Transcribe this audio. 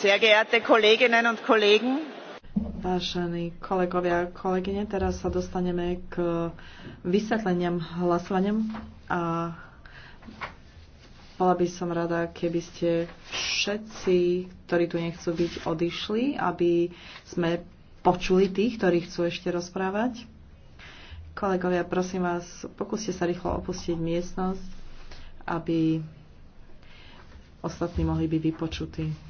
Sehr geehrte Kolleginnen und Kollegen, Vážení kolegovia a kolegyne, teraz sa dostaneme k vysvetleniam hlasovaniam a bola by som rada, keby ste všetci, ktorí tu nechcú byť, odišli, aby sme počuli tých, ktorí chcú ešte rozprávať. Kolegovia, prosím vás, pokúste sa rýchlo opustiť miestnosť, aby ostatní mohli byť vypočutí.